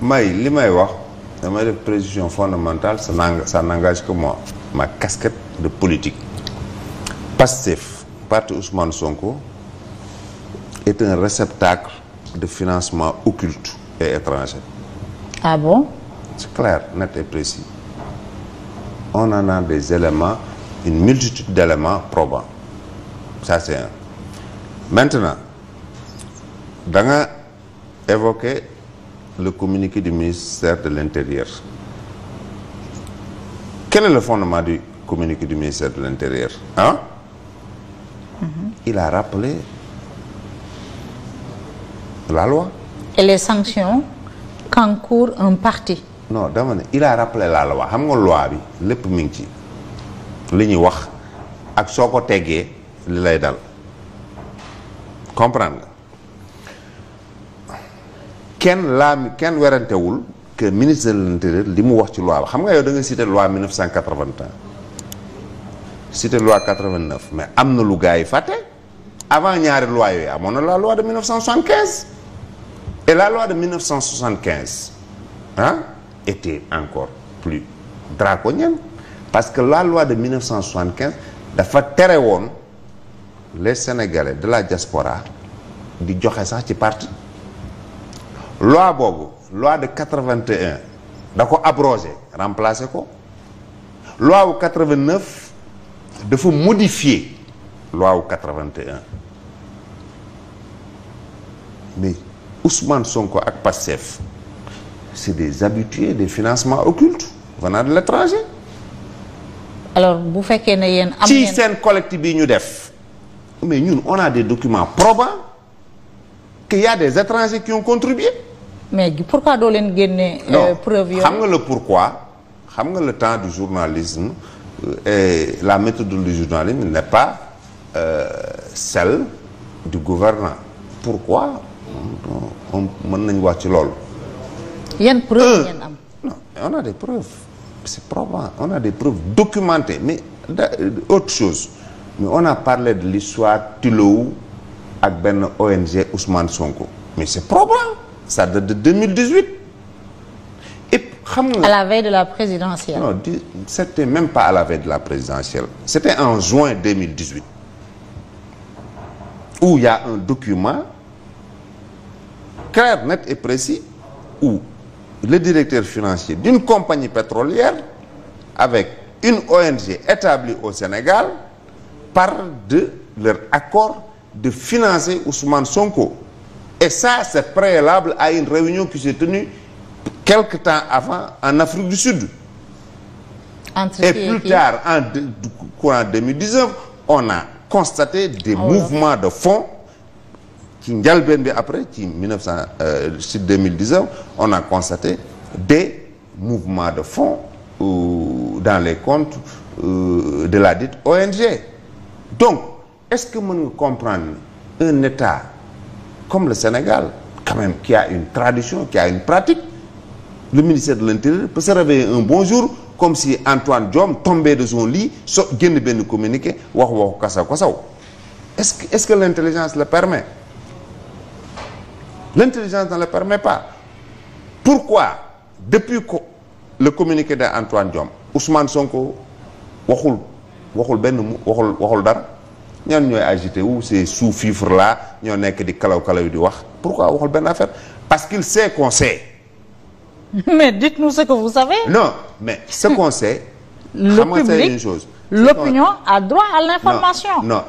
may li may wax damay def précision fondamentale ça n'engage ça n'engage que moi ma casquette de politique PASTEF parti Ousmane Sonko est un réceptacle de financement occulte et étranger ah bon c'est clair net et précis on en a des éléments une multitude d'éléments probants ça un maintenant da nga le communiqué du ministère de l'Intérieur. Quel est le fondement du communiqué du ministère de l'Intérieur hein mm -hmm. Il a rappelé la loi. Et les sanctions qu'encourt un parti. non dama ne il a rappelé la loi xam nga loi bi lépp mi ngi ci li ñuy wax ak soo ko teggee li lay dal comprendre nga. kenn laam kenn werantewul que ministre de l'intérieur li mu wax ci loi ba xam nga yow da nga cité loi 1981 cité loi 89 mais am na lu gars yi fàtte avant ñaari loi yooyu amoon na la loi de 1975 et la loi de 1975 ah était encore plus draconienne parce que la loi de 1975 dafa tere woon les sénégalais de la diaspora di joxe sax ci parti loi boobu loi de 81 da ko abrogé remplacé ko loi wu 89 dafa modifié loi wu 81 mais Ousmane Sonko ak Pastef c'est des habitués des financements occultes venant de l'étranger alors bu fekkee ne yéen am ci seen collectif bi ñu def mais ñun on a des documents probants qu'il y a des étrangers qui ont contribué mais pourquoi doo leen génne. Euh, preuve yooyu xam nga le pourquoi xam nga le temps du journalisme euh, et la méthode du journalisme n'est pas euh, celle du gouvernant pourquoi on mën nañu wax ci loolu. yan preuve ngeen am. non on a des preuves c'est probant on a des preuves documentées mais da autre chose mais on a parlé de l'histoire Tullow ak benn ONG Ousmane Sonko mais c'est probant ça date de 2018. et xam nga. à la veille de la présidentielle. non di c'était même pas à la veille de la présidentielle. c'était en juin 2018. où il y a un document clair, net et précis où le directeur financier d'une compagnie pétrolière avec une ONG établie au Sénégal parle de leur accord de financer Ousmane Sonko. Et ça, c'est préalable à une réunion qui s'est tenue quelque temps avant en Afrique du Sud. Entre et plus et tard, en oh de, courant euh, on a constaté des mouvements de fonds ci njëlbéen bi après ci 1900 euh, ci 2019 on a constaté des mouvements de fonds dans les comptes euh, de la dite ONG est-ce que mën nga comprendre un État comme le Sénégal quand même qui a une tradition qui a une pratique le ministère de l'Intérieur peut se réveiller un bon jour comme si Antoine Diome tombait de son lit so génn benn communiqué wax waxu kasaw kasaw est-ce que est-ce que l'intelligence le permet l'intelligence ne le permet pas pourquoi depuis que le communiqué d'Antoine Diome Ousmane Sonko waxul waxul benn waxul waxul dara ñan ñooy agité wu ces sous-fifres là ñoo nekk di kalaw kalaw yi di wax pourquoi waxul benn affaire parce qu'il sait qu'on mais dites-nous ce que vous savez. non mais ce qu'on sait. l'opinion a droit à l'information. non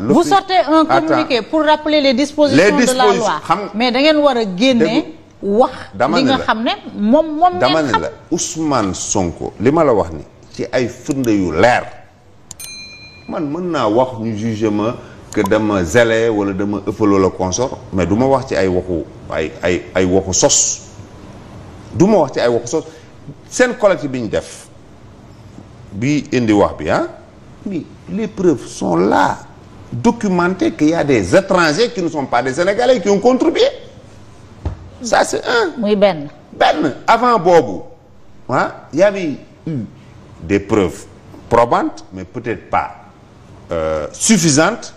non vous sortez un communiqué pour rappeler les dispositions. de la loi mais da ngeen war a génne. wax li nga xam ne moom moom ngeen xam. ne Sonko li ma la wax ni ci ay firnde yu leer. man mën naa wax ñu juge ma que dama zélé wala dama ëppaloo la consort mais du ma wax ci ay waxu ay ay ay waxu sos du ma wax ci ay waxu sos seen collecte bi ñu def bi indi wax bi ah mais les preuves sont là documentées qu'il y des étrangers qui ne sont pas des Sénégalais qui ont contribué ça c'est un muy benn benn avant boobu ah y des preuves probantes mais peut-être pas euh, suffisante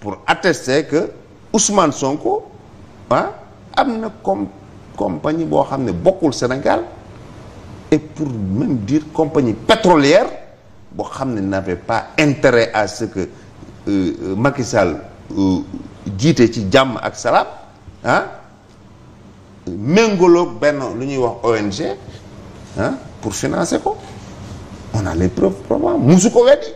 pour attester que Ousmane Sonko ah am na comme compagnie boo xam ne bokkul Sénégal et pour même dire compagnie pétrolière boo xam ne n'avait pas intérêt à ce que euh, euh Macky euh, jiite ci jàmm ak salaam ah méngoloog benn lu ñuy wax ONG ah, pour financer ko on a les preuves probablement musu ko weddi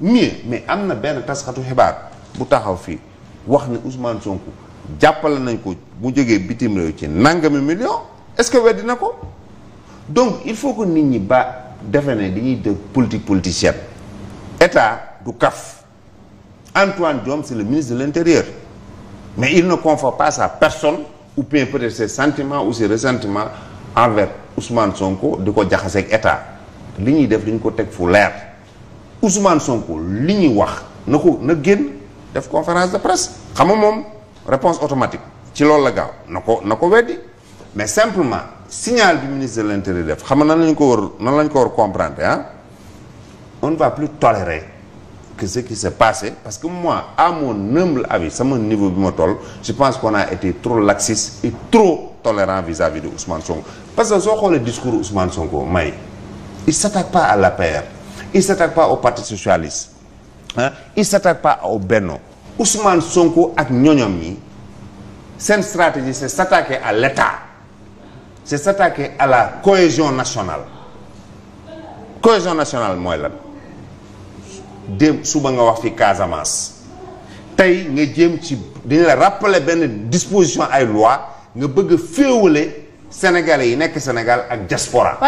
mieux mais am na benn taskatu xibaar bu taxaw fii wax ne Ousmane Sonko jàppale nañ ko bu jógee bitim réew ci nangami million est-ce que weddi ko donc il faut que nit ñi ba defe ne di dañuy dégg politique politicienne état du CAF Antoine Diome c'est le ministre de l'intérieur mais il na confond pas sa personne ou bien peut-être ses sentiments ou ses ressentiments envers Ousmane Sonko di ko jaxaseeg état li ñuy def dañ ko teg fu leer. Ousmane Sonko li ñuy wax na ko na génn def conférence de presse xam nga moom réponse automatique ci loolu la gaaw na ko na ko weddi mais simplement signal bi ministre de l'intérieur def xam nga nan lañ ko war nan lañ ko war comprendre ah on ne va plus tolérer que ce qui s'est passé parce que moi à mon humble avis sama niveau bi ma toll je pense qu'on a été trop laxiste et trop tolérant vis-à-vis de Ousmane Sonko parce que soo xoolee discours Ousmane Sonko may il s'attaque pas à la l'APR il s'attaque pas au parti socialiste ah il s'attaque pas au Benno Ousmane Sonko ak ñoñom yi seen stratégie c'est s'attaquer à l'État c'est s'attaquer à la cohésion nationale cohésion nationale mooy lan déem suba nga wax fi Casamance tey nga jéem ci dañu la rappeler benn disposition ay loi nga bëgg a féewale sénégalais yi nekk Sénégal ak diaspora